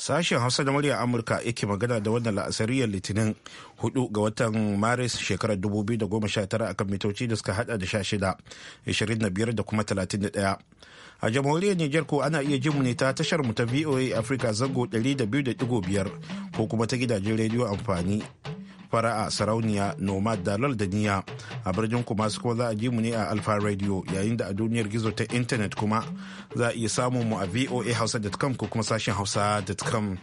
Sashen Hausa da murya Amurka yake magana da wannan la'asariyar Litinin 4 ga watan Maris shekarar 2019 akan mitoci da suka hada da 16, 25 da kuma 31. A jamhuriyar niger ko ana iya jin ne ta tashar mu ta VOA Africa zango 200.5 ko kuma ta gidajen rediyo amfani fara'a sarauniya nomad dalal da niya a birnin kuma su kuma za a ji mu ne a alfa radio yayin da a duniyar gizo ta intanet kuma za a iya samun mu a voa hausa.com ko kuma sashen hausa.com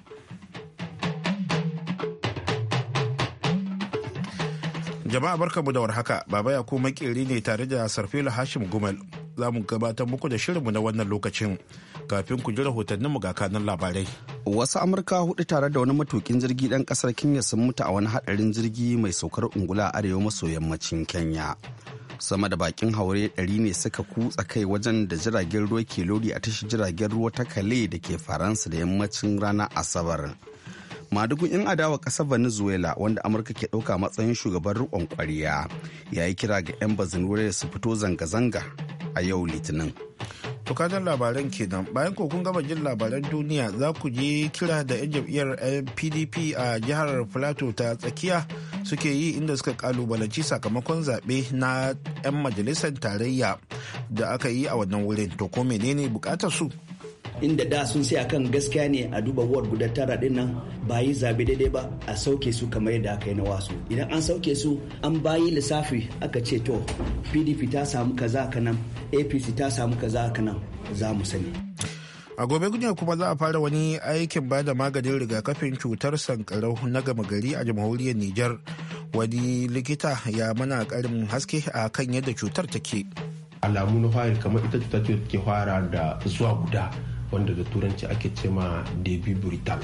Jama'a barkamu da warhaka, Baba ya kuma makeri ne tare da Sarfila Hashim Gumal. Za mu gabatar muku da shirinmu na wannan lokacin kafin ku ji rahotannin mu ga kanan labarai. Wasu Amurka hudu tare da wani matukin jirgi dan kasar Kenya sun mutu a wani hadarin jirgi mai saukar ungula a arewa maso yammacin Kenya. Sama da bakin haure ɗari ne suka kutsa kai wajen da jiragen ruwa ke lori a tashi jiragen ruwa ta Kale da ke Faransa da yammacin ranar Asabar. madugun in adawa ƙasar venezuela wanda amurka ke ɗauka matsayin shugaban riƙon ƙwariya ya yi kira ga 'yan bazinurai su fito zanga-zanga a yau litinin tukatar labaran kenan bayan ko kun gama jin labaran duniya za ku je kira da 'yan jam'iyyar pdp a jihar plateau ta tsakiya suke yi inda suka kalubalanci sakamakon zaɓe na 'yan majalisar tarayya da aka yi a wannan wurin to ko menene bukatar su inda da sun sai akan gaskiya ne a duba ward guda tara din nan ba yi zabe daidai ba a sauke su kamar yadda aka yi na wasu idan an sauke su an bayi lissafi aka ce to pdp ta samu kaza ka nan apc ta samu kaza ka nan za mu sani a gobe gudunar kuma za a fara wani aikin ba da maganin rigakafin cutar sankarau na gama gari a jamhuriyar niger wani likita ya mana karin haske a kan yadda cutar take alamu na fari kamar ita cutar ce ke fara da zuwa guda wanda da turanci ake ce ma debi brutal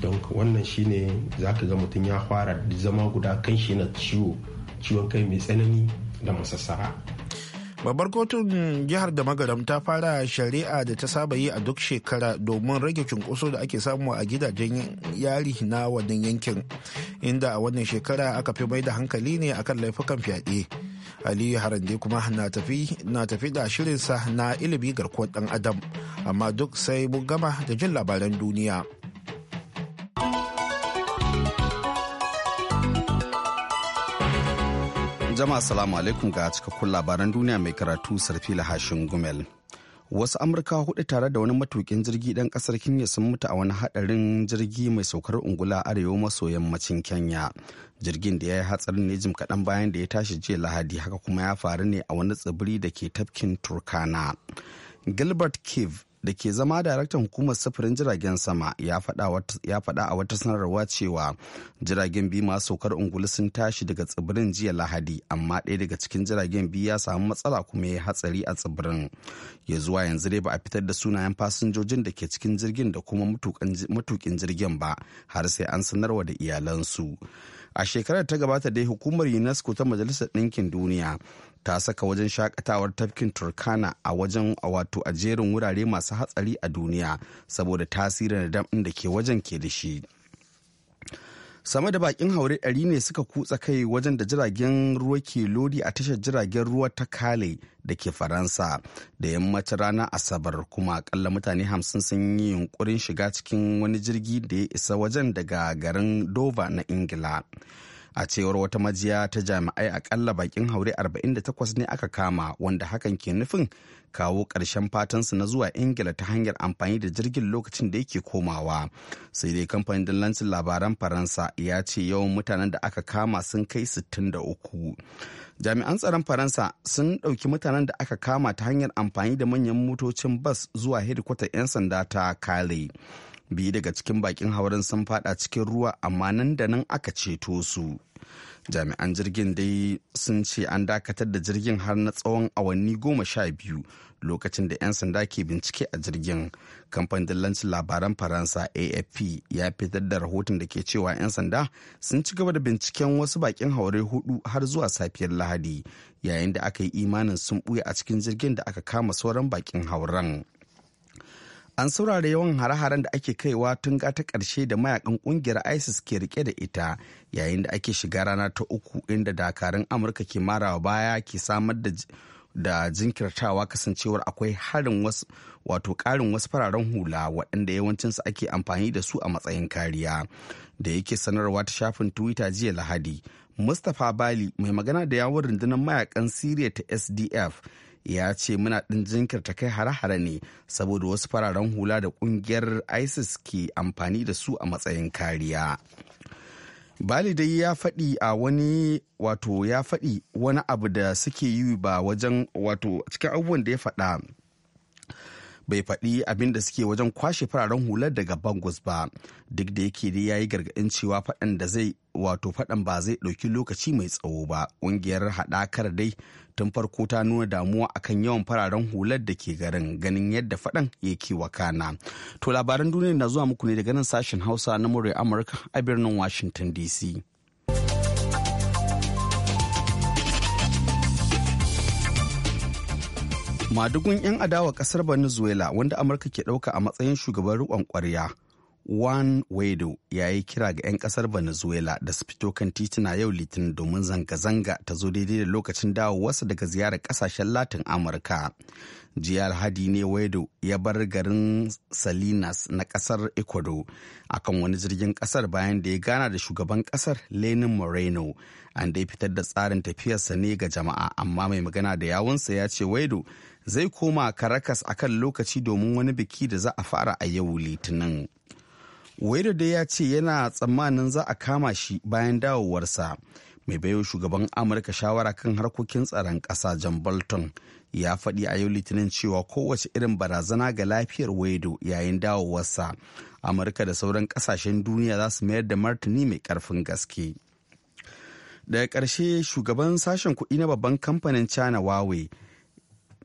don wannan shine za ka ga mutum ya fara zama guda kan shi na ciwo ciwon kai mai tsanani da masassara babbar kotun jihar da magaram ta fara shari'a da ta saba yi a duk shekara domin rage cunkoso da ake samu a gidajen yari na wannan yankin inda a wannan shekara aka fi mai da hankali ne akan laifukan fyaɗe aliyu harande kuma na tafi na tafi da shirinsa na ilimi garkuwar dan adam amma duk sai mun gama da jin labaran duniya jama'a salamu alaikum ga cikakkun labaran duniya mai karatu sarfila hashin gumel wasu amurka hudu tare da wani matukin jirgi ɗan ƙasar kenya sun mutu a wani haɗarin jirgi mai saukar ungula arewa maso yammacin kenya jirgin da ya yi hatsarin ne jim kaɗan bayan da ya tashi jiya lahadi haka kuma ya faru ne a wani tsibiri da ke tafkin turkana gilbert cave da ke zama daraktan hukumar sufurin jiragen sama ya faɗa a wata sanarwa cewa jiragen biyu masu saukar ungulu sun tashi daga tsibirin jiya lahadi amma ɗaya daga cikin jiragen biyu ya samu matsala kuma ya hatsari a tsibirin ya zuwa yanzu dai ba a fitar da sunayen fasinjojin da ke cikin jirgin da kuma matukin jirgin ba har sai an sanarwa da iyalansu a shekarar ta gabata dai hukumar unesco ta majalisar ɗinkin duniya ta saka wajen shakatawar tafkin turkana a wajen a wato a jerin wurare masu hatsari a duniya saboda tasirin da da ke wajen ke da shi sama da bakin haure ɗari ne suka kutsa kai wajen da jiragen ruwa ke lodi a tashar jiragen ruwa ta kale da ke faransa da yammacin rana asabar kuma akalla mutane hamsin sun yi yunkurin shiga cikin wani jirgi da ya isa wajen daga garin dover na ingila a cewar wata majiya ta jami'ai akalla bakin haure 48 ne aka kama wanda hakan ke nufin kawo ƙarshen su na zuwa ingila ta hanyar amfani da jirgin lokacin da yake komawa sai dai kamfanin dillancin labaran faransa ya ce yawan mutanen da aka kama sun kai 63 jami'an tsaron faransa sun ɗauki mutanen da aka kama ta hanyar amfani da manyan motocin bas zuwa hedikwatar 'yan sanda ta kale biyu daga cikin bakin hauren sun fada cikin ruwa amma nan da nan aka ceto su jami'an jirgin dai sun ce an dakatar da jirgin har na tsawon awanni goma sha biyu lokacin da 'yan sanda ke bincike a jirgin kamfanin dillancin labaran faransa afp ya fitar da rahoton da ke cewa 'yan sanda sun ci gaba da binciken wasu bakin haure hudu har zuwa safiyar lahadi yayin da aka yi imanin sun buya a cikin jirgin da aka kama sauran bakin hauren an saurara yawan hare-haren da ake kaiwa tun ta ƙarshe da mayakan ƙungiyar isis ke rike da ita yayin da ake shiga rana ta uku inda dakarun amurka ke marawa baya ke samar da da jinkirtawa kasancewar akwai harin wasu wato ƙarin wasu fararen hula waɗanda yawancinsu ake amfani da su a matsayin kariya da yake sanarwa ta shafin twitter jiya lahadi mustapha bali mai magana da yawon rundunar mayakan siriya ta sdf ya ce muna ɗin jinkirta kai hare-hare ne saboda wasu fararen hula da ƙungiyar isis ke amfani da su a matsayin kariya bali dai ya faɗi a wani wato ya faɗi wani abu da suke yi ba wajen wato cikin abubuwan da ya faɗa bai faɗi abin da suke wajen kwashe fararen hular daga bangos ba duk da yake dai ya yi gargaɗin cewa faɗan da zai wato faɗan ba zai ɗauki lokaci mai tsawo ba ƙungiyar haɗakar dai tun farko ta nuna damuwa akan yawan fararen hular da ke garin ganin yadda faɗan yake wakana to labaran duniya na zuwa muku ne daga nan sashen hausa na murya amurka a birnin washington dc madugun 'yan adawa kasar venezuela wanda amurka ke dauka a matsayin shugaban rikon kwarya juan guaido ya yi kira ga 'yan kasar venezuela da su fito kan titina yau litinin domin zanga-zanga ta zo daidai da lokacin dawowarsa daga ziyarar kasashen latin amurka jiya alhadi ne guaido ya bar garin salinas na kasar ecuador akan wani jirgin kasar bayan da ya gana da shugaban kasar lenin moreno an dai fitar da tsarin tafiyarsa ne ga jama'a amma mai magana da yawunsa ya ce guaido zai koma Caracas a kan lokaci domin wani biki da za a fara a yau Litinin. dai ya ce yana tsammanin za a kama shi bayan dawowarsa. Mai bayo shugaban Amurka shawara kan harkokin tsaron ƙasa John Bolton ya faɗi a yau litinin cewa kowace irin barazana ga lafiyar wado yayin dawowarsa. Amurka da sauran ƙasashen duniya za su mayar da martani mai ƙarfin gaske. daga ƙarshe shugaban sashen kuɗi na babban kamfanin china huawei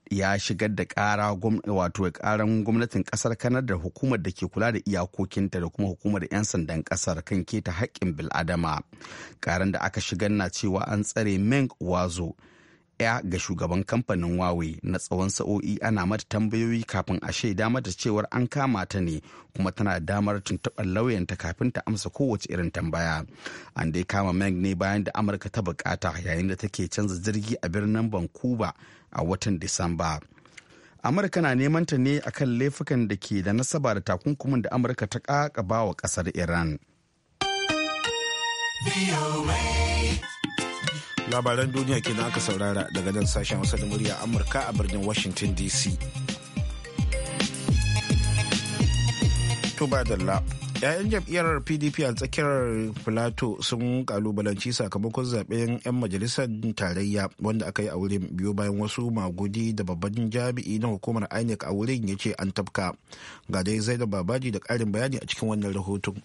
ya shigar da ƙara wato ƙaran gwamnatin ƙasar kanar da hukumar da ke kula da iyakokinta da kuma hukumar 'yan sandan ƙasar kan keta haƙƙin bil'adama ƙaran da aka shigar na cewa an tsare meng wazo ya ga shugaban kamfanin wawe na tsawon sa'o'i ana mata tambayoyi kafin a shaida mata cewar an kama ta ne kuma tana damar tuntuɓar lauyanta kafin ta amsa kowace irin tambaya an dai kama meng ne bayan da amurka ta bukata yayin da take canza jirgi a birnin vancouver a watan Disamba. Amurka na neman ta ne kan laifukan da ke da nasaba da takunkumin da Amurka ta kakaba wa kasar Iran. Labaran duniya ke da aka saurara daga nan sashen Hausa da murya Amurka a birnin Washington DC. Tuba 'ya'yan jam'iyyar pdp a tsakiyar filato sun kalubalanci sakamakon zaben 'yan majalisar tarayya wanda aka yi a wurin biyu bayan wasu magudi da babban jami'i na hukumar inec a wurin ya ce an tafka ga dai zai da babaji da karin bayani a cikin wannan rahoton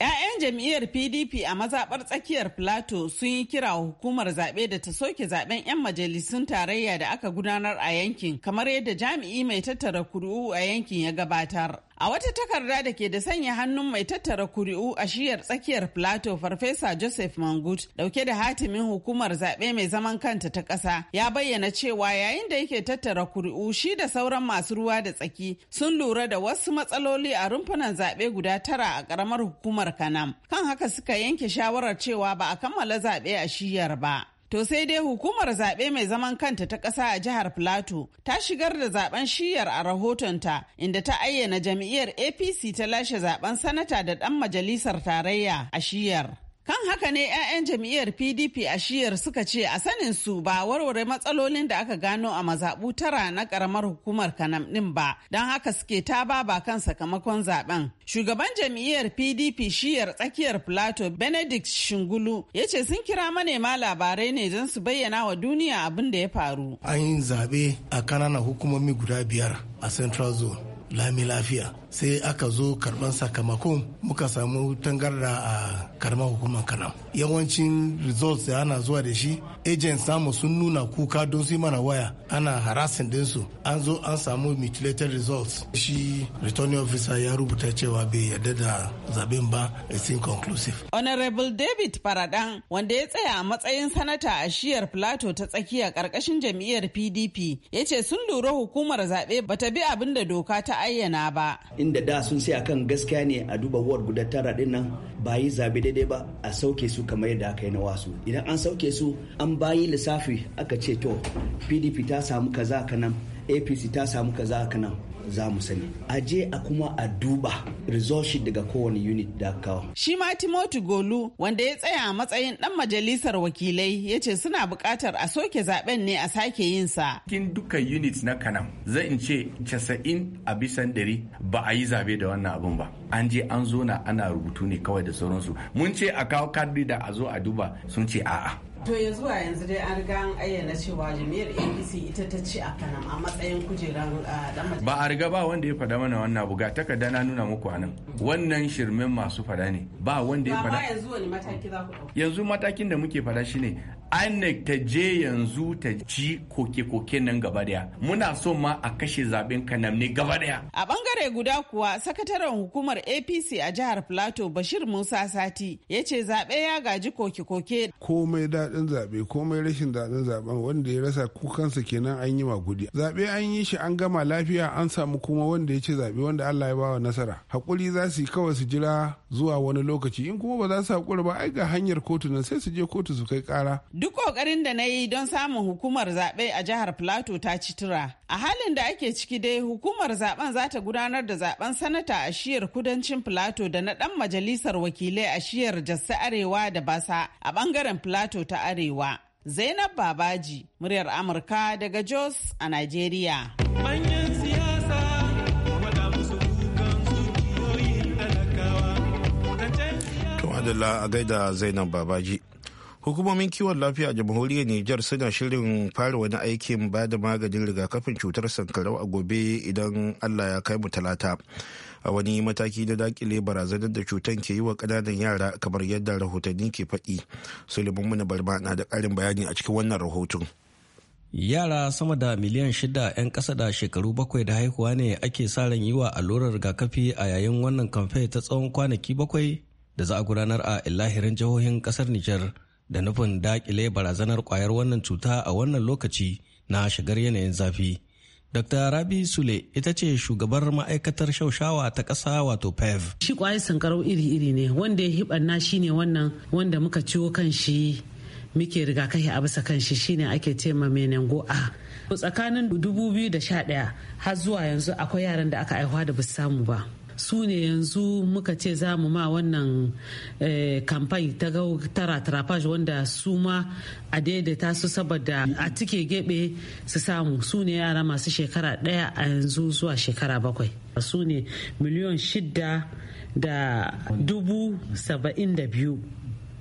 'Ya'yan jam'iyyar PDP a mazaɓar tsakiyar filato sun yi kira hukumar zaɓe da ta soke zaɓen 'yan majalisun tarayya da aka gudanar a yankin, kamar yadda jami'i mai tattara kuri'u a yankin ya gabatar. A wata takarda da ke da sanya hannun mai tattara kuri'u a shiyar tsakiyar Plato Farfesa Joseph Mangut dauke da hatimin hukumar zaɓe mai zaman kanta ta ƙasa ya bayyana cewa yayin da yake tattara kuri'u shi da sauran masu ruwa da tsaki sun lura da wasu matsaloli a rumfunan zaɓe guda tara a ƙaramar hukumar Kanam. Kan haka suka yanke shawarar cewa ba a kammala zaɓe a shiyar ba. To sai dai hukumar zaɓe mai zaman kanta ta ƙasa a jihar Plateau ta shigar da zaben shiyar a rahotonta inda ta ayyana jam'iyyar APC ta lashe zaben sanata da ɗan majalisar tarayya a shiyar. Kan haka ne 'ya'yan jam'iyyar PDP a shiyar suka ce a sanin su ba warware matsalolin da aka gano a mazaɓu tara na ƙaramar hukumar Kanam ɗin ba, don haka suke ta ba ba kan sakamakon zaɓen. Shugaban jam'iyyar PDP shiyar tsakiyar Plato Benedict Shingulu ya ce sun kira manema labarai ne don su bayyana wa duniya abin da ya faru. An yi zaɓe a ƙananan hukumomi guda biyar a Central Zone. lami lafiya sai aka zo karban sakamakon muka samu tangarda a karamar hukumar kanan yawancin results da ana zuwa da shi agents samu sun nuna kuka don su mana waya ana harassing dinsu an zo an samu mutilated results shi returning officer ya rubuta cewa bai yarda da zaben ba it's inconclusive honorable david faradan wanda ya tsaya a matsayin sanata a shiyar plateau ta tsakiya karkashin jam'iyyar pdp ya ce sun lura hukumar zaɓe bata bi abin da doka ta ayyana ba. Inda da sun sai akan gaskiya ne a duba ward guda tara din nan ba yi zabe daidai ba a sauke su kamar yadda aka yi na wasu. Idan an sauke su an bayi lissafi aka ce to PDP ta samu kaza kanan APC ta samu kaza kanan za mu sani a je a kuma a duba resource daga kowane unit da kawo shi ma timoti golu wanda ya tsaya a matsayin dan majalisar wakilai ya ce suna buƙatar a soke zaben ne a sake yin sa cikin duka unit na kanam zan ce 90 a bisan dari ba a yi zabe da wannan abun ba an je an zo na ana rubutu ne kawai da sauransu mun ce a kawo kadri da a zo a duba sun ce a'a to ya zuwa yanzu dai an riga an ayyana cewa jami'ar apc ita ta ci a kanan a matsayin kujeran ah, ba a riga ba wanda ya faɗa mana wannan abu ga takarda na nuna muku anan wannan shirmen masu faɗa ne ba wanda ya faɗa yanzu wani mataki za ku yanzu matakin da muke faɗa shine INEC ta je yanzu ta ci koke-koke nan gaba daya. Muna so ma a kashe zaben ne gaba daya. A bangare guda kuwa sakataren hukumar APC a jihar Plateau Bashir Musa Sati ya ce zaɓe ya gaji koke-koke. Komai daɗin zaɓe, komai rashin daɗin zaɓen wanda ya rasa kukansa kenan an yi magudi. Zaɓe an yi shi an gama lafiya an samu kuma wanda ya ce zaɓe wanda Allah ya bawa nasara. Hakuri za su yi kawai su jira zuwa wani lokaci in kuma ba za su haƙura ba ai ga hanyar kotu nan sai su je kotu su kai ƙara. Duk ƙoƙarin da na yi don samun hukumar zaɓe a jihar Plateau ta ci tura. A halin da ake ciki dai hukumar zaben za ta gudanar da zaben sanata a shiyar kudancin Plateau da na ɗan majalisar wakilai a shiyar Jassa Arewa da Basa a ɓangaren Plateau ta Arewa. Zainab Babaji, muryar Amurka daga Jos a Najeriya. Adala a gaida Zainab Babaji. hukumomin kiwon lafiya a jamhuriyar nijar suna shirin fara wani aikin ba da maganin rigakafin cutar sankarau a gobe idan allah ya kai mu talata a wani mataki na dakile barazanar da cutar ke yi wa kananan yara kamar yadda rahotanni ke faɗi suleiman mana barba na da ƙarin bayani a cikin wannan rahoton yara sama da miliyan shida 'yan kasa da shekaru bakwai da haihuwa ne ake sa ran yi wa allurar rigakafi a yayin wannan kamfe ta tsawon kwanaki bakwai da za a gudanar a ilahirin jihohin ƙasar nijar da nufin dakile barazanar kwayar wannan cuta a wannan lokaci na shigar yanayin zafi. Dr. Rabi Sule ita ce shugabar ma'aikatar shaushawa ta ƙasa wato PEV. Shi kwayar sankarau iri-iri ne wanda ya na shi ne wannan wanda muka ciwo kan shi muke rigakafi a bisa kan shi shine ake ce ma menengo A. Tsakanin 2011 har zuwa yanzu akwai yaran da aka aihuwa da basu samu ba. su ne yanzu muka ce za mu ma wannan kamfani eh, ta tara trafaj wanda su ma a daidaita su saboda a cike gebe su samu su ne yara masu shekara ɗaya a yanzu zuwa shekara bakwai su ne miliyon shida da dubu saba'in da biyu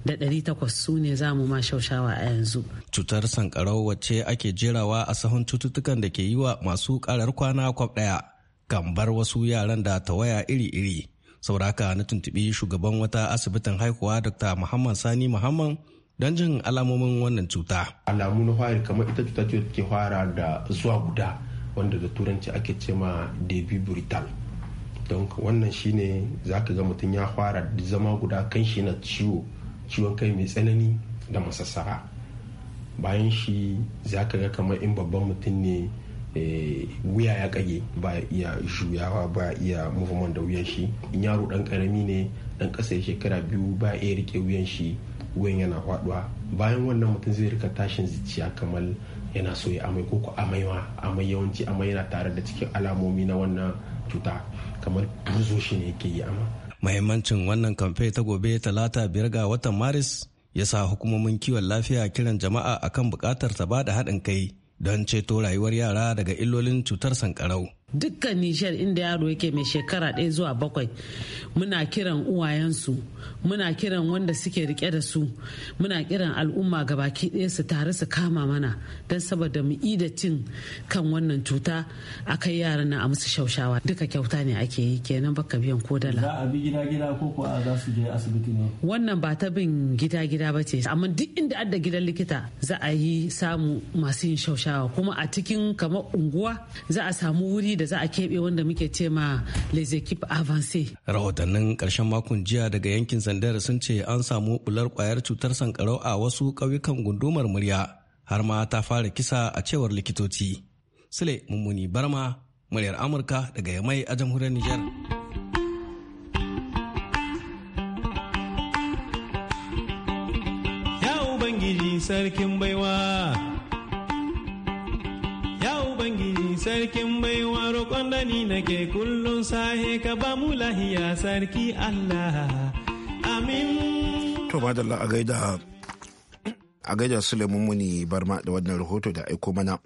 da ɗari takwas su ne za mu ma shaushawa a yanzu. Cutar sankarau wacce ake jerawa a sahun cututtukan da ke yi wa masu karar kwana kwab ɗaya kan bar wasu yaran da tawaya iri-iri sauraka na tuntubi shugaban wata asibitin haihuwa dr muhammad sani muhammad don jin alamomin wannan cuta alamu na fari kamar ita cuta ce ke fara da zuwa guda wanda da turanci ake ce ma debi brutal don wannan shine za ka ga mutum ya fara zama guda kan shi na ciwo ciwon kai mai tsanani da masassara bayan shi za ka ga kamar in babban mutum ne Eh, wuya ya kage ba iya juyawa ba iya muhimman da wuyan shi in yaro dan karami ne dan kasa shekara biyu ba iya rike wuyan shi wuyan yana faduwa bayan wannan mutum zai rika tashin zuciya kamar yana so ya amai ko amaiwa amai ma amai yawanci amai yana tare da cikin alamomi na wannan cuta kamar buzo shi ne yake yi amma mahimmancin wannan kamfe ta gobe talata biyar ga watan maris ya sa hukumomin kiwon lafiya kiran jama'a akan bukatar ta da haɗin kai don ceto rayuwar yara daga illolin cutar sankarau. dukkan nishar inda yaro yake mai shekara ɗaya zuwa bakwai muna kiran uwayensu muna kiran wanda suke rike da su muna kiran al'umma baki ɗaya su tare su kama mana don saboda mu ida cin kan wannan cuta a kai yaran na a musu shaushawa duka kyauta ne ake yi kenan baka biyan ko dala za a bi gida gida ko ko a za su je asibiti ne wannan ba ta bin gida gida ba ce amma duk inda adda gidan likita za a yi samu masu yin shaushawa kuma a cikin kamar unguwa za a samu wuri da da za a keɓe wanda muke ce ma les équipes avancées. Rahotannin ƙarshen makon jiya daga yankin Zandar sun ce an samu bular kwayar cutar sankarau a wasu ƙauyukan gundumar murya har ma ta fara kisa a cewar likitoci. Sule Mummuni Barma, muryar Amurka daga Yamai a jamhuriyar Nijar. Ya Ubangiji sarkin baiwa. sarkin baiwa roƙon da ni nake kullum sahe ka ba mu lahiya sarki Allah amin to ba a gaida a gaida Suleiman Muni Barma da wannan rahoto da aiko mana.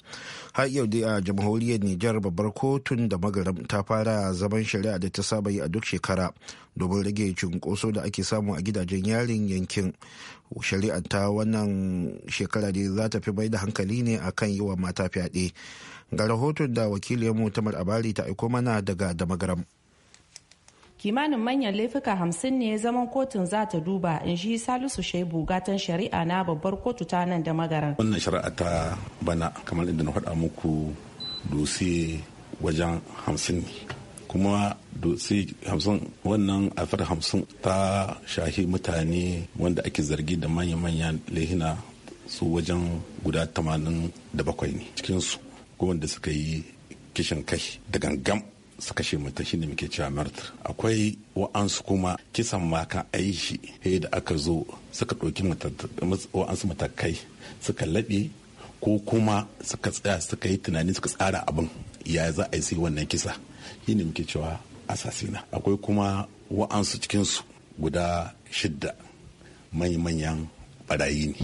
Har yau dai a jamhuriyar Nijar babbar kotun da magaram ta fara zaman shari'a da ta saba yi a duk shekara domin rage cunkoso da ake samu a gidajen yarin yankin. Shari'a ta wannan shekara dai za ta fi mai da hankali ne akan yi wa mata fyaɗe. ga rahoton da mu tamar abari ta aiko mana daga damagaram kimanin manyan laifuka hamsin ne zaman kotun za ta duba in shi salisu shaibu gatan shari'a na babbar kotu ta nan da magaran wannan shari'a ta bana kamar inda na faɗa muku dose wajen hamsin kuma dose hamsin wannan afar hamsin ta shahi mutane wanda ake zargi da manya-manyan lehina su wajen guda 87 ne cikinsu ko wanda suka yi kishin kai da gangam su kashe mutum shi ne muke cewa martir akwai wa'ansu kuma kisan ma kan ayi shi he da aka zo suka ɗauki wa'ansu matakai suka laɓe ko kuma suka tsaya suka yi tunani suka tsara abin ya za a yi sai wannan kisa shi ne muke cewa asasina akwai kuma wa'ansu cikinsu guda shidda manya-manyan barayi ne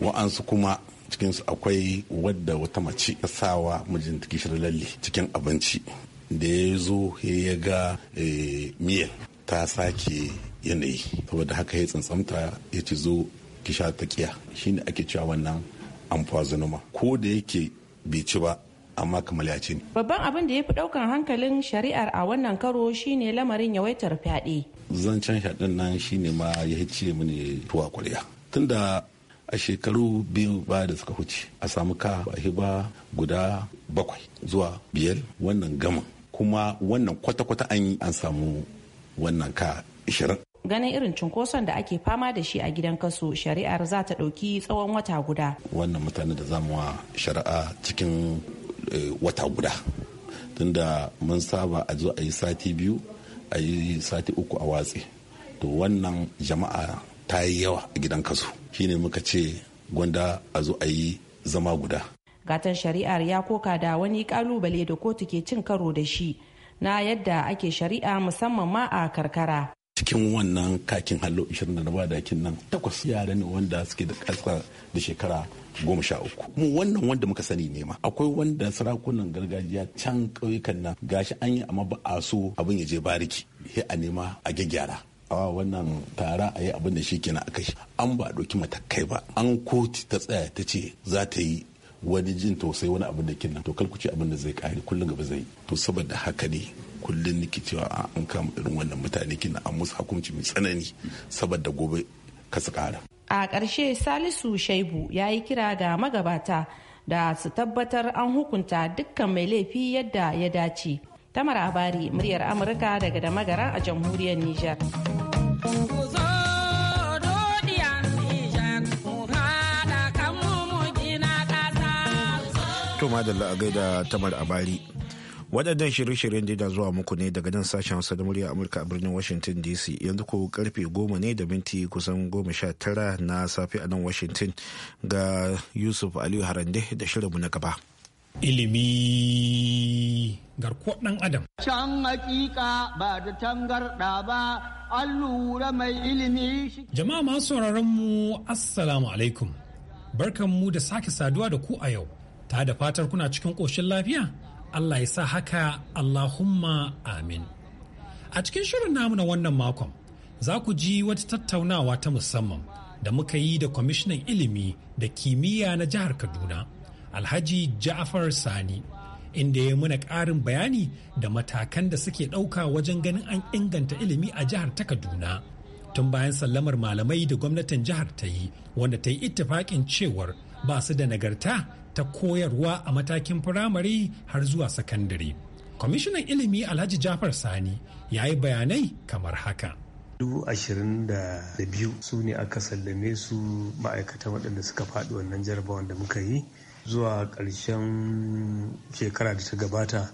wa'ansu kuma cikinsu akwai wadda wata mace ta sawa mijinta kishirar lalle cikin abinci da ya zo ya ga eh, miyar ta sake yanayi saboda haka ya tsantsamta ya ci zo ki ta kiya shine ake cewa wannan amfazinuma ko da yake bai ci ba amma kamar ya ce babban abin da ya fi daukan hankalin shari'ar a wannan karo shine lamarin yawaitar fyaɗe zancen shaɗin nan shine ma ya ce mini tuwa kwarya tunda a shekaru biyu ba da suka huce a samu ka hiba guda bakwai zuwa biyar wannan gama kuma wannan kwata-kwata an yi an samu wannan ka ishirin ganin irin cunkoson da ake fama da shi a gidan kaso shari'ar za ta ɗauki tsawon wata guda wannan mutane da zamuwa shari'a cikin eh, wata guda tunda mun saba a zo a yi sati biyu a yi sati uku a watsi to wannan jama'a ta yi yawa a gidan kaso shine muka ce gwanda a zo a yi zama guda gatan shari'ar ya koka da wani kalubale da kotu ke cin karo da shi na yadda ake shari'a musamman ma a karkara cikin wannan kakin hallo 27 dakin nan takwas yara ne wanda suke da ƙasa da shekara goma sha uku mu wannan wanda muka sani ne ma akwai wanda sarakunan gargajiya can ƙauyukan nan gashi an yi amma ba a so abin ya je bariki he a nema a gyaggyara a wannan tara a yi abin da shi kenan aka shi an ba doki matakai ba an koti ta tsaya ta ce za ta yi wani jin tausayi wani abin da kin to kalkuce abin da zai kare kullum gaba zai to saboda haka ne kullum nake cewa an kama irin wannan mutane kin an musu hukunci mai tsanani saboda gobe ka su kara a karshe salisu shaibu ya yi kira ga magabata da su tabbatar an hukunta dukkan mai laifi yadda ya dace tamar abari muryar amurka daga da a jamhuriyar nijar madalla a gaida tamar a bari. Waɗannan shirye-shiryen da zuwa muku ne daga nan sashen Hausa da murya Amurka a birnin Washington DC yanzu ko karfe goma ne da minti kusan goma sha tara na safe a nan Washington ga Yusuf Aliyu Harande da shirinmu na gaba. Ilimi garkuwa ɗan Adam. Can hakika ba da tangarɗa ba an lura mai ilimi Jama'a masu sauraron mu Assalamu alaikum. Barkan mu da sake saduwa da ku a yau. Ta da fatar kuna cikin ƙoshin lafiya? Allah ya sa haka Allahumma amin. A cikin shirin namu na wannan makon, za ku ji wata tattaunawa ta musamman da muka yi da kwamishinan ilimi da kimiyya na jihar Kaduna, Alhaji Ja'far Sani. inda ya muna ƙarin bayani da matakan da suke ɗauka wajen ganin an inganta ilimi a jihar ta Kaduna. Tun bayan sallamar malamai da gwamnatin jihar ta yi, wanda ta yi ittifaƙin cewar ba su da nagarta ta koyarwa a matakin firamare har zuwa sakandare. Kwamishinan ilimi Alhaji Jafar Sani ya yi bayanai kamar haka. Dubu ashirin da biyu su ne aka sallame su ma'aikatan waɗanda suka faɗi wannan jarabawan da muka yi zuwa ƙarshen shekara da ta gabata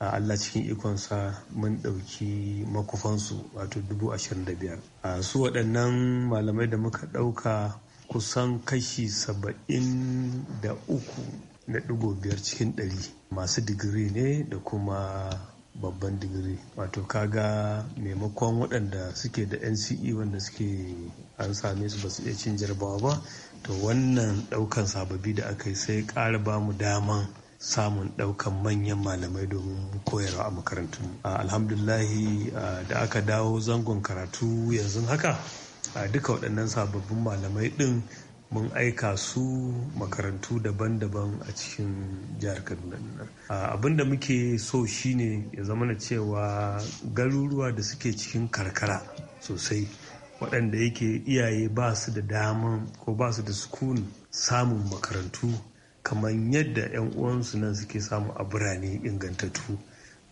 a Allah cikin ikonsa mun ɗauki makufansu wato dubu ashirin da su waɗannan malamai da muka ɗauka kusan kashi saba'in da uku cikin ɗari masu digiri ne da kuma babban digiri wato kaga maimakon waɗanda suke da nce wanda suke an same su ba su iya cin jarabawa ba to wannan ɗaukan sababi da aka yi sai ƙara ba mu daman samun ɗaukan manyan malamai domin koyarwa a makarantu. alhamdulahi da aka dawo zangon karatu yanzu haka duka waɗannan sababbin malamai ɗin mun aika su makarantu daban-daban a cikin jihar kaduna abin da muke so shine ya zama na cewa garuruwa da suke cikin karkara sosai waɗanda yake iyaye ba su da daman ko ba su da sukun samun makarantu kamar yadda 'yan uwansu nan suke samu a birane ingantattu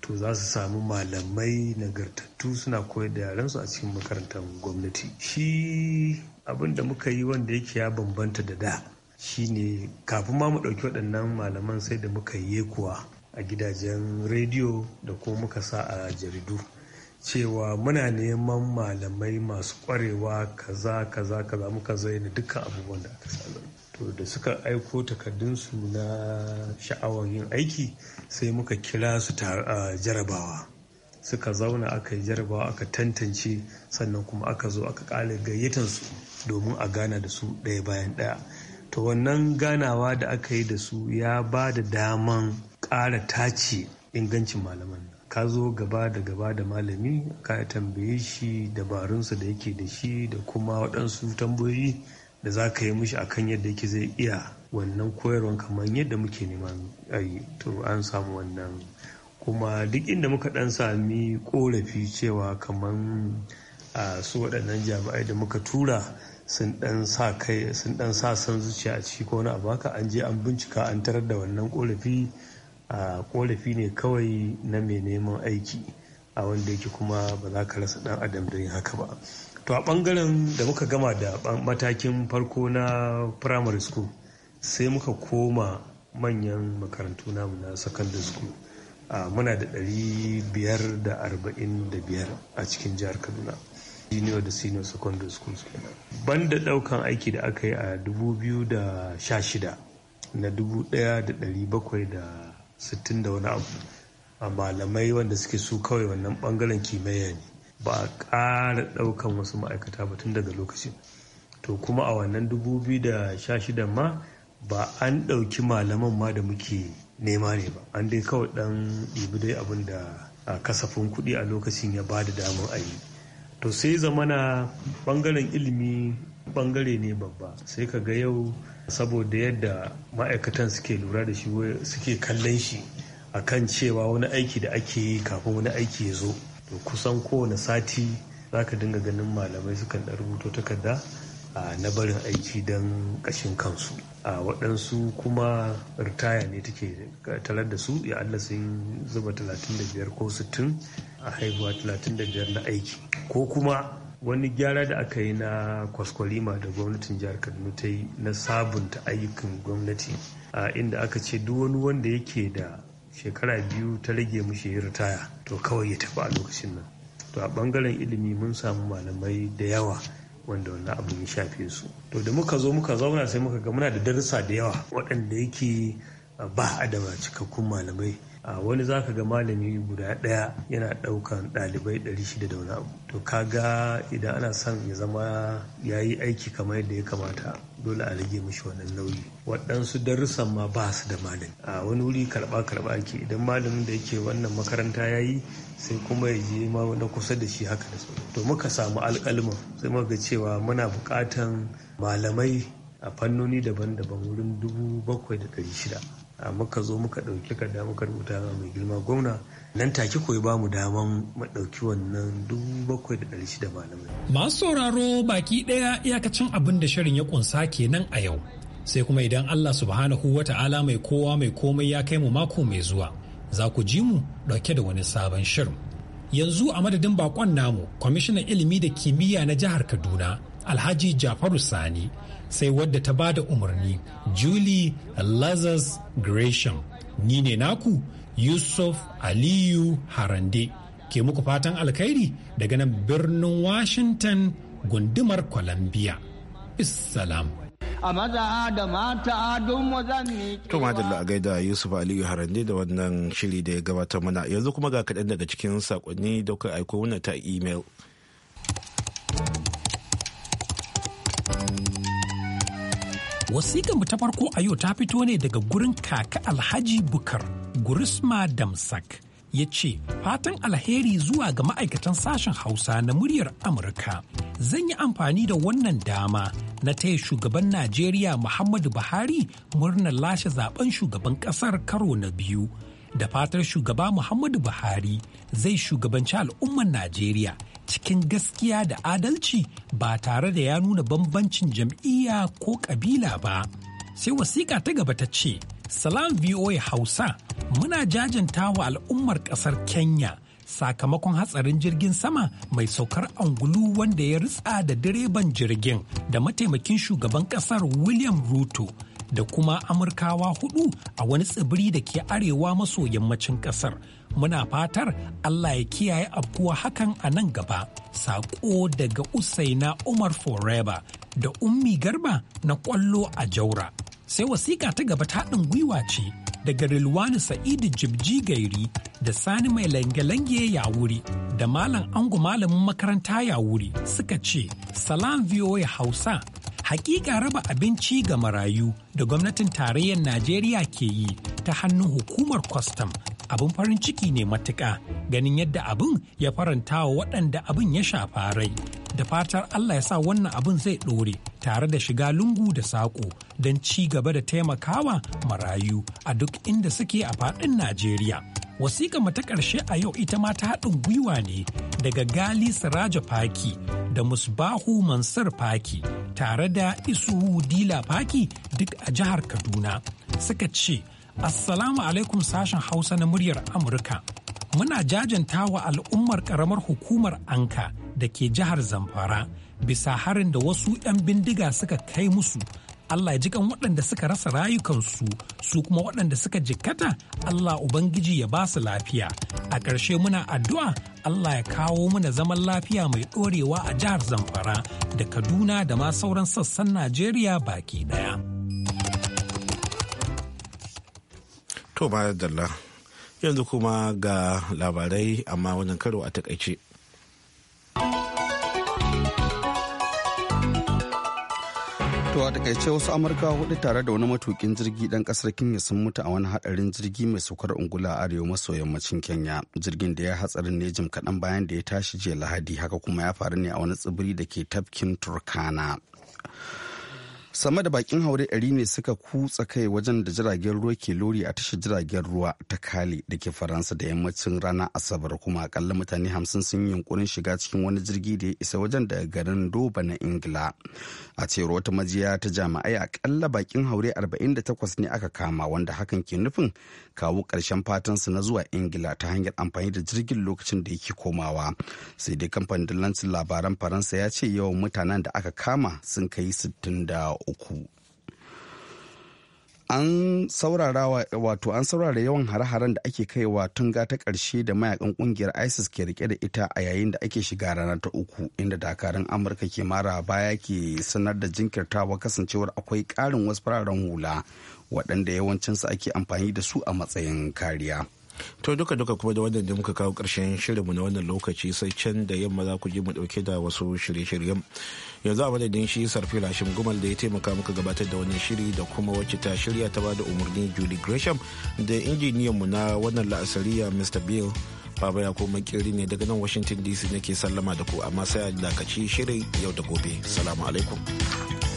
to za su samu malamai nagartattu suna koyar da yaransu a cikin makarantar gwamnati shi abin da muka yi wanda yake ya bambanta da da shine kafin ma mu ɗauki waɗannan malaman sai da muka yi kuwa a gidajen rediyo da kuma muka sa a jaridu cewa muna neman malamai masu ƙwarewa kaza kaza kaza muka zaina dukkan abubuwan da aka sa wato da suka aiko takardunsu na sha'awar yin aiki sai muka kira su jarabawa suka zauna aka yi jarabawa aka tantance sannan kuma aka zo aka ƙara gayyatansu domin a gana da su ɗaya bayan ɗaya to wannan ganawa da aka yi da su ya ba da daman ƙara tace ingancin malaman ka zo gaba da gaba da malami ka tambaye shi dabarunsa da yake da shi da kuma waɗansu tambayoyi da za ka yi mishi akan yadda yake zai iya wannan koyarwan kamar yadda muke neman ayi yi to an samu wannan kuma duk inda muka dan sami korafi cewa kamar a su waɗannan jami'ai da muka tura sun dan sa sun dan sa san zuciya a ciki ko wani abu haka an je an bincika an tarar da wannan korafi a korafi ne kawai na mai neman aiki a wanda yake kuma ba za ka rasa dan adam don haka ba to a bangaren da muka gama da matakin farko na primary school sai muka koma manyan makarantu namu na secondary school a muna da 545 a cikin jihar kaduna junior da senior secondary school kenan banda daukan aiki da aka yi a 2016 na 1760 da wani abu a malamai wanda suke su kawai wannan bangaren kimiyya ne ba a ƙara ɗaukan wasu ma'aikata ba tun daga lokacin to kuma a wannan 2016 ma ba an ɗauki malaman ma da muke nema ne ba an dai kawai ɗan ɗibi dai abin da a kasafin kuɗi a lokacin ya ba da damar a yi to sai zamana ɓangaren ilimi ɓangare ne babba sai ka ga yau saboda yadda ma'aikatan suke lura da shi suke kallon shi a kan cewa wani aiki da ake yi kafin wani aiki ya zo kusan kowane sati za ka dinga ganin malamai sukan ɗan rubuto takarda na barin aiki don ƙashin kansu a waɗansu kuma ritaya ne take talar da su ya Allah sun zuba 35 ko 60 a haihuwa 35 na aiki ko kuma wani gyara da aka yi na kwaskwalima da gwamnatin jihar kaduna ta yi na sabunta ayyukan gwamnati inda aka ce duk wani wanda yake da shekara biyu ta rage mushi ya ritaya to kawai ya tafi a lokacin nan to a bangaren ilimi mun samu malamai da yawa wanda wannan abu ya shafe su to da muka zo muka zauna sai muka ga muna da darussa da yawa waɗanda yake ah, ba adama cikakkun malamai a ah, wani za ka ga malami guda ɗaya yana ɗaukan ɗalibai ɗari shida da wani abu to kaga idan ana son ya zama ya yi aiki kamar yadda ya kamata dole a rage mishi wannan nauyi waɗansu darussan ma ba su da malin a wani wuri karɓa karɓa ake idan malamin da yake wannan makaranta ya yi sai kuma ya je ma na kusa da shi haka da sauran to muka samu alƙalma sai muka ga cewa muna buƙatan malamai a fannoni daban-daban wurin dubu bakwai da ɗari shida a muka zo muka ɗauki kada muka rubuta mai girma gwamna nan take koyi ba mu daman mu ɗauki wannan dubu bakwai da ɗari shida malamai. Masu sauraro baki ɗaya iyakacin abin da shirin ya ƙunsa kenan a yau. Sai kuma idan Allah subhanahu wa ta'ala mai kowa mai komai ya kai mu mako mai zuwa. Za ku ji mu ɗauke da wani sabon shirin. Yanzu a madadin baƙon namu, kwamishinan ilimi da kimiyya na jihar Kaduna, Alhaji Jafaru Sani, sai wadda ta ba da umarni, Julie Lazarus Gresham. Ni ne naku yusuf aliyu harande ke muku fatan alkhairi daga nan birnin washington gundumar columbia bisalam a maza da mata don mozambique to madalla a gaida yusuf aliyu harande da wannan shiri da ya gabata mana yanzu kuma ga kaɗan daga cikin sakonni da kuka aiko wani ta email wasiƙa mu ta farko a yau ta fito ne daga gurin kaka alhaji bukar Gurisma Damsak ya ce fatan alheri zuwa ga ma'aikatan sashen Hausa na muryar Amurka. Zan yi amfani da wannan dama na taya shugaban Najeriya Muhammadu Buhari murnar lashe zaben shugaban ƙasar karo na biyu. Da fatar shugaba Muhammadu Buhari zai shugabanci al'ummar Najeriya cikin gaskiya da adalci ba tare da ya nuna bambancin jam'iyya ko ƙabila ba. Sai wasiƙa ta gaba ta ce, Salam VOA Hausa muna jajanta wa al'ummar ƙasar Kenya sakamakon hatsarin jirgin sama mai saukar angulu wanda ya ritsa da direban jirgin da mataimakin shugaban ƙasar William Ruto da kuma Amurkawa hudu a wani tsibiri da ke arewa maso yammacin ƙasar. Muna fatar Allah ya kiyaye afkuwa hakan a nan gaba. Saƙo daga Usaina Umar Forever da Ummi Garba na ƙwallo a Jaura. sai wasiƙa ta gaba ta haɗin gwiwa ce daga Rilwani Sa'idu Jibji Gairi da Sani Mai Lange-Lange ya wuri da Malam Angu Malamin makaranta ya wuri suka ce Salam VOA Hausa hakika raba abinci ga marayu da gwamnatin tarayyar Najeriya ke yi ta hannun hukumar kwastam abin farin ciki ne matuƙa ganin yadda abin ya faranta wa waɗanda abin ya shafa rai da fatar Allah ya sa wannan abin zai ɗore tare da shiga lungu da saƙo don ci gaba da taimakawa marayu a duk inda suke a faɗin Najeriya. Wasiƙa mata ƙarshe a yau ita ma ta haɗin gwiwa ne daga Gali Siraja Faki da Musbahu Mansur Faki tare da Isuhu Dila Faki duk a jihar Kaduna suka ce Assalamu alaikum sashen Hausa na muryar Amurka. Muna jajanta wa al'ummar ƙaramar hukumar Anka da ke jihar zamfara bisa harin da wasu 'yan bindiga suka kai musu Allah ya jikan waɗanda suka rasa rayukansu su kuma waɗanda suka jikkata Allah Ubangiji ya ba su lafiya. A ƙarshe muna addu'a Allah ya kawo mana zaman lafiya mai ɗorewa a jihar Zamfara da Kaduna da ma sauran sassan Najeriya baki ɗaya. To yanzu kuma ga labarai amma wannan karo a takaice. To a takaice wasu Amurka hudu tare da wani matukin jirgi dan kasar Kenya sun mutu a wani hadarin jirgi mai saukar ungula a arewa maso yammacin Kenya. Jirgin da ya hatsarin ne jim kaɗan bayan da ya tashi jiya Lahadi haka kuma ya faru ne a wani tsibiri da ke tafkin Turkana. sama da bakin haure ɗari ne suka kutsa kai wajen da jiragen ruwa ke lori a tashar jiragen ruwa ta kale da ke faransa da yammacin rana asabar kuma akalla mutane hamsin sun yi yunkurin shiga cikin wani jirgi da ya isa wajen daga garin doba na ingila a cewar wata majiya ta jami'ai akalla bakin haure 48 ne aka kama wanda hakan ke nufin kawo ƙarshen fatan su na zuwa ingila ta hanyar amfani da jirgin lokacin da yake komawa sai dai kamfanin dillancin labaran faransa ya ce yawan mutanen da aka kama sun kai 60 uku an saurara wato an saurara yawan hare-haren da ake kai kaiwa tunga ta ƙarshe da mayakan ƙungiyar isis ke rike da ita a yayin da ake shiga ranar ta uku inda dakarun amurka ke mara baya ke sanar da jinkirtawa kasancewar akwai ƙarin wasu fararen hula waɗanda yawancinsu ake amfani da su a matsayin kariya. to duka duka kuma da wannan da muka kawo ƙarshen shirinmu na wannan lokaci sai can da yamma za ku ji mu dauke da wasu shirye-shiryen yanzu a madadin shi sarfi rashin gumal da ya taimaka muka gabatar da wannan shiri da kuma wacce ta shirya ta bada umarni julie gresham da injiniyan mu na wannan la'asariya mr bill baba ya makiri ne daga nan washington dc nake sallama da ku amma sai a dakaci shirin yau da gobe salamu alaikum